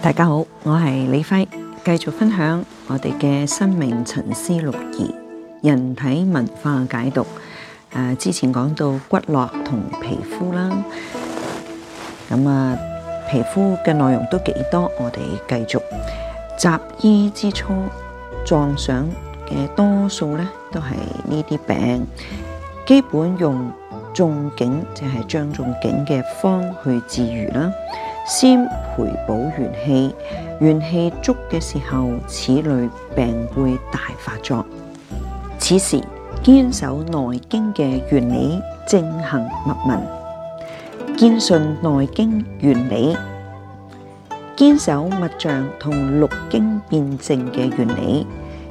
大家好，我係李輝，繼續分享我哋嘅生命沉思錄二，人體文化解讀。誒，之前講到骨骼同皮膚啦，咁啊皮膚嘅內容都幾多，我哋繼續。習醫之初，撞上嘅多數呢都係呢啲病，基本用仲景即係張仲景嘅方去治愈啦。先培補元氣，元氣足嘅時候，此類病會大發作。此時堅守《內經》嘅原理，正行勿問；堅信《內經》原理，堅守物象同六經辨證嘅原理，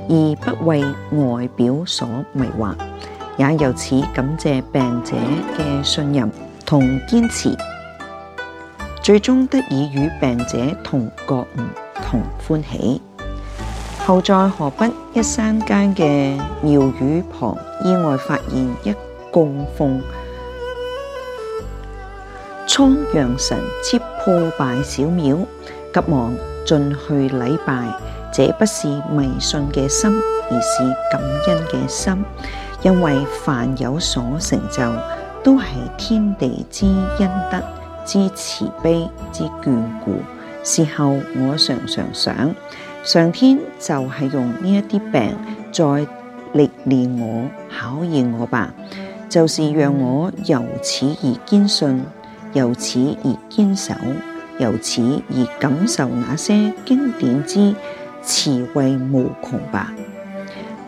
而不為外表所迷惑，也由此感謝病者嘅信任同堅持。最終得以與病者同覺悟、同歡喜。後在河北一山間嘅廟宇旁，意外發現一供奉蒼陽神，揭破敗小廟，急忙進去禮拜。這不是迷信嘅心，而是感恩嘅心，因為凡有所成就，都係天地之恩德。之慈悲之眷顧，事後我常常想，上天就係用呢一啲病再歷練我、考驗我吧，就是讓我由此而堅信，由此而堅守，由此而感受那些經典之慈惠無窮吧。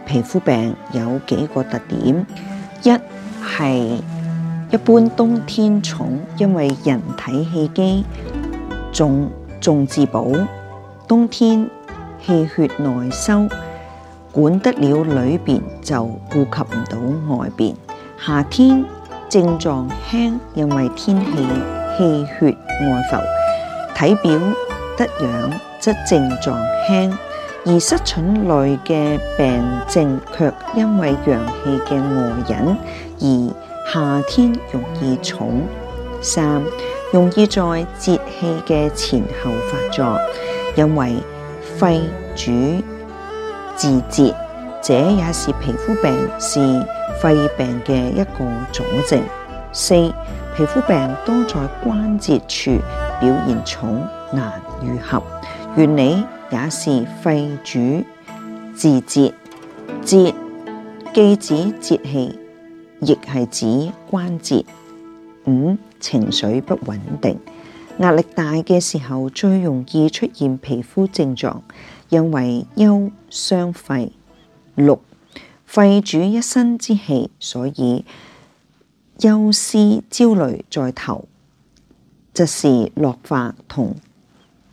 皮膚病有幾個特點，一係。一般冬天重，因為人體氣機重重自保，冬天氣血內收，管得了裏邊就顧及唔到外邊。夏天症狀輕，因為天氣氣血外浮，體表得陽則症狀輕，而濕疹類嘅病症卻因為陽氣嘅外引而。夏天容易重。三，容易在節氣嘅前後發作，因為肺主治節，這也是皮膚病是肺病嘅一個佐證。四，皮膚病多在關節處表現重，難癒合，原理也是肺主治節，節既指節氣。亦係指關節。五，情緒不穩定，壓力大嘅時候最容易出現皮膚症狀，因為憂傷肺。六，肺主一身之氣，所以憂思焦慮在頭，則是落髮同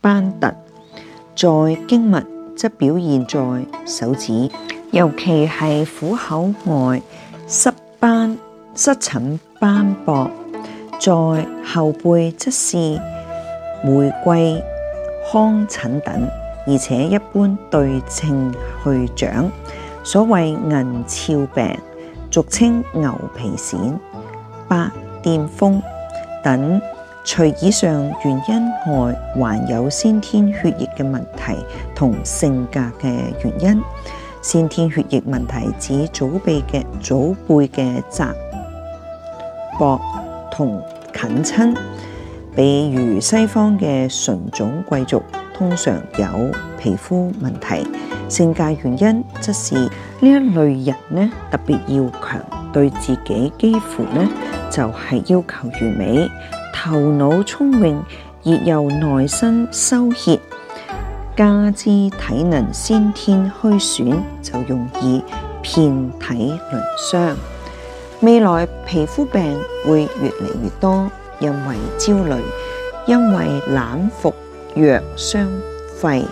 斑禿。在經脈則表現在手指，尤其係虎口外濕。斑、濕疹、斑駁，在後背則是玫瑰糠疹等，而且一般對稱去長。所謂銀屑病，俗稱牛皮癬、白癜風等。除以上原因外，還有先天血液嘅問題同性格嘅原因。先天血液問題指祖輩嘅祖輩嘅侄伯同近親，比如西方嘅純種貴族通常有皮膚問題。性格原因則是呢一類人呢特別要強，對自己幾乎呢就係、是、要求完美，頭腦聰穎，亦又耐心羞怯。加之體能先天虛損，就容易遍體鱗傷。未來皮膚病會越嚟越多，因為焦慮，因為濫服藥傷肺，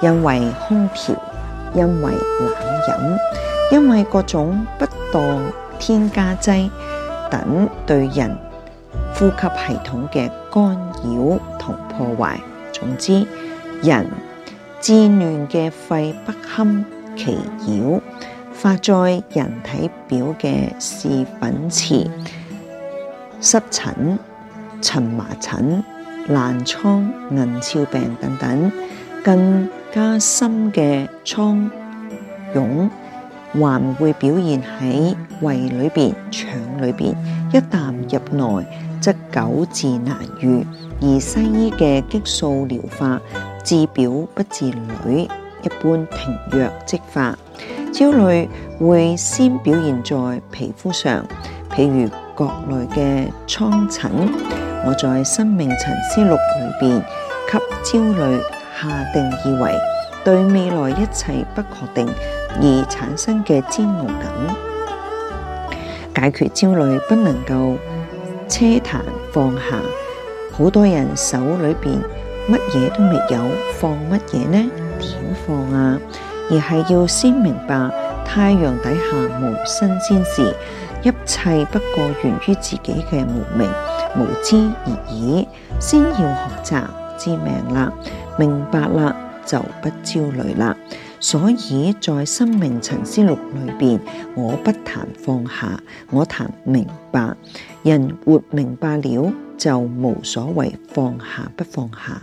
因為空調，因為冷飲，因為各種不當添加劑等對人呼吸系統嘅干擾同破壞。總之，人。稚嫩嘅肺不堪其擾，發在人體表嘅是粉刺、濕疹、蕁麻疹、爛瘡、銀翹病等等，更加深嘅瘡癰，還會表現喺胃裏邊、腸裏邊，一旦入內，則久治難愈，而西醫嘅激素療法。治表不治裏，一般停藥即發。焦慮會先表現在皮膚上，譬如各類嘅瘡疹。我在《生命沉思錄》裏邊，給焦慮下定義為對未來一切不確定而產生嘅煎熬感。解決焦慮不能夠奢談放下，好多人手裏邊。乜嘢都未有，放乜嘢呢？點放啊？而係要先明白太陽底下無新鮮事，一切不過源於自己嘅無明無知而已。先要學習知命啦，明白啦，就不焦慮啦。所以在生命沉思錄裏邊，我不談放下，我談明白。人活明白了，就無所謂放下不放下。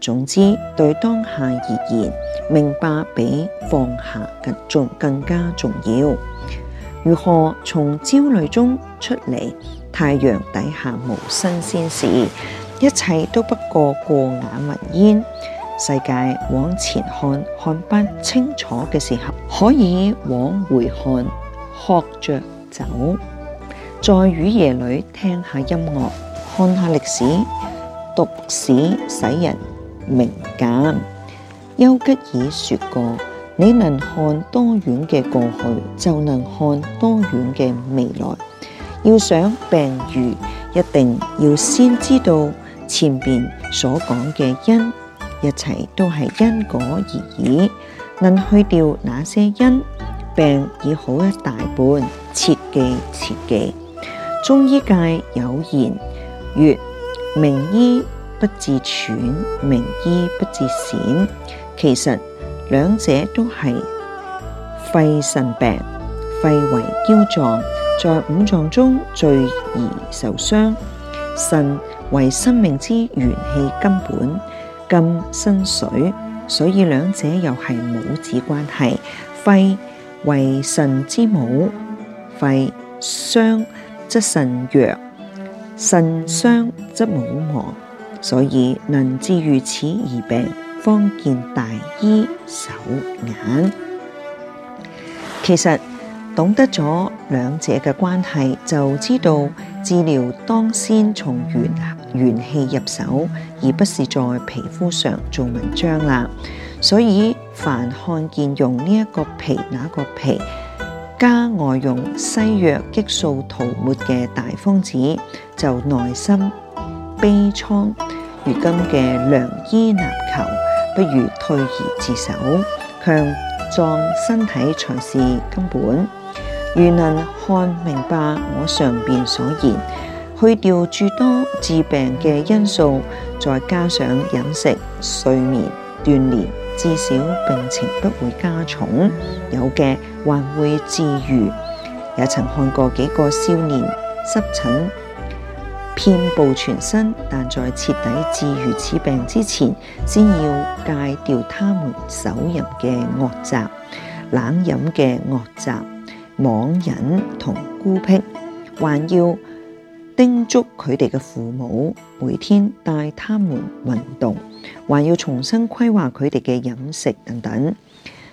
總之，對當下而言，明白比放下更重更加重要。如何從焦慮中出嚟？太陽底下無新鮮事，一切都不過過眼雲煙。世界往前看，看不清楚嘅時候，可以往回看，喝着酒。在雨夜裏聽下音樂，看下歷史，讀史使人。明鑒，丘吉爾說過：你能看多遠嘅過去，就能看多遠嘅未來。要想病愈，一定要先知道前邊所講嘅因，一切都係因果而已。能去掉那些因，病已好一大半。切記切記，中醫界有言：，月名醫。不治喘，名醫不治癬，其實兩者都係肺腎病。肺為嬌臟，在五臟中最易受傷。腎為生命之元氣根本，金生水，所以兩者又係母子關係。肺為腎之母，肺傷則腎弱，腎傷則母亡。所以能治如此疾病，方見大醫手眼。其實懂得咗兩者嘅關係，就知道治療當先從元元氣入手，而不是在皮膚上做文章啦。所以凡看見用呢一個皮那個皮加外用西藥激素塗抹嘅大方子，就耐心。悲愴，如今嘅良醫難求，不如退而自守，強壯身體才是根本。如能看明白我上面所言，去掉諸多致病嘅因素，再加上飲食、睡眠、鍛煉，至少病情不會加重，有嘅還會治癒。也曾看過幾個少年濕疹。遍布全身，但在徹底治愈此病之前，先要戒掉他們手淫嘅惡習、冷飲嘅惡習、網癮同孤僻，還要叮囑佢哋嘅父母每天帶他們運動，還要重新規劃佢哋嘅飲食等等。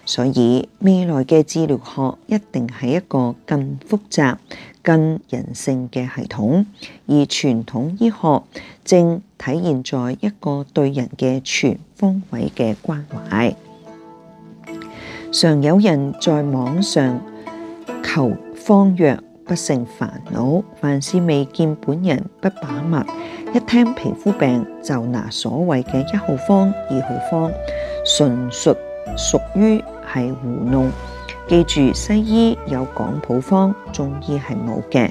所以未來嘅治療學一定係一個更複雜、更人性嘅系統，而傳統醫學正體現在一個對人嘅全方位嘅關懷。常有人在網上求方藥，不勝煩惱，凡事未見本人不把脈，一聽皮膚病就拿所謂嘅一號方、二號方，純屬。屬於係糊弄，記住西醫有廣譜方，中醫係冇嘅。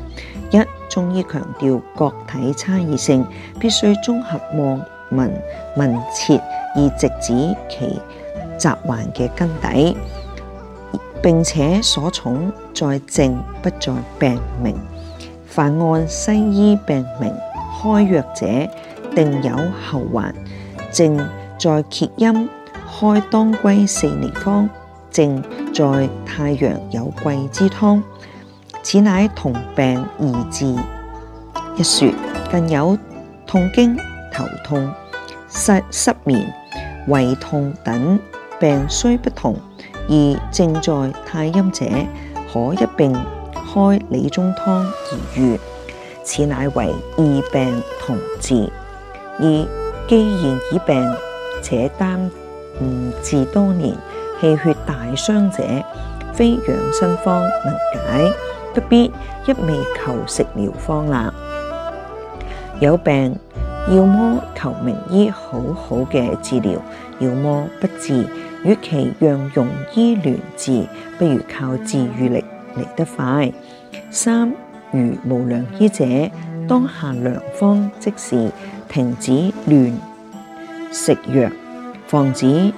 一中醫強調個體差異性，必須綜合望聞問切而直指其雜患嘅根底，並且所重在症不在病名。凡按西醫病名開藥者，定有後患。症在揭陰。開當歸四逆方，正在太陽有桂枝湯，此乃同病異治一說。更有痛經、頭痛、失失眠、胃痛等病雖不同，而正在太陰者可一併開理中湯而愈，此乃為異病同治。而既然異病，且擔。誤治多年，氣血大傷者，非養生方能解，不必一味求食療方啦。有病，要麼求名醫好好嘅治療，要麼不治。與其讓庸醫亂治，不如靠自愈力嚟得快。三如無良醫者，當下良方即是停止亂食藥。防止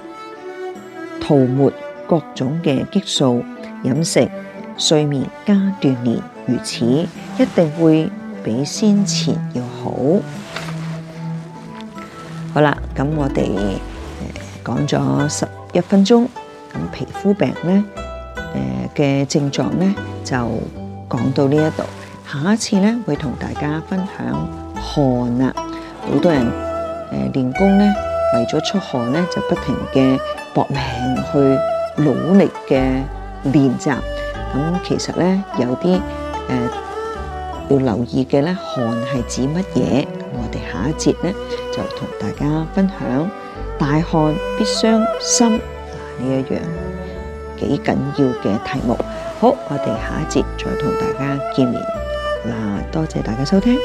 塗抹各種嘅激素，飲食、睡眠加鍛煉，如此一定會比先前要好。好啦，咁我哋講咗十一分鐘，咁皮膚病咧誒嘅症狀咧就講到呢一度，下一次咧會同大家分享汗啊，好多人誒練功咧。為咗出汗呢，就不停嘅搏命去努力嘅練習。咁其實呢，有些呃要留意嘅呢，汗係指乜嘢？我們下一節呢，就同大家分享「大汗必傷心」呢一樣幾緊要嘅題目。好，我們下一節再同大家見面。嗱，多謝大家收聽。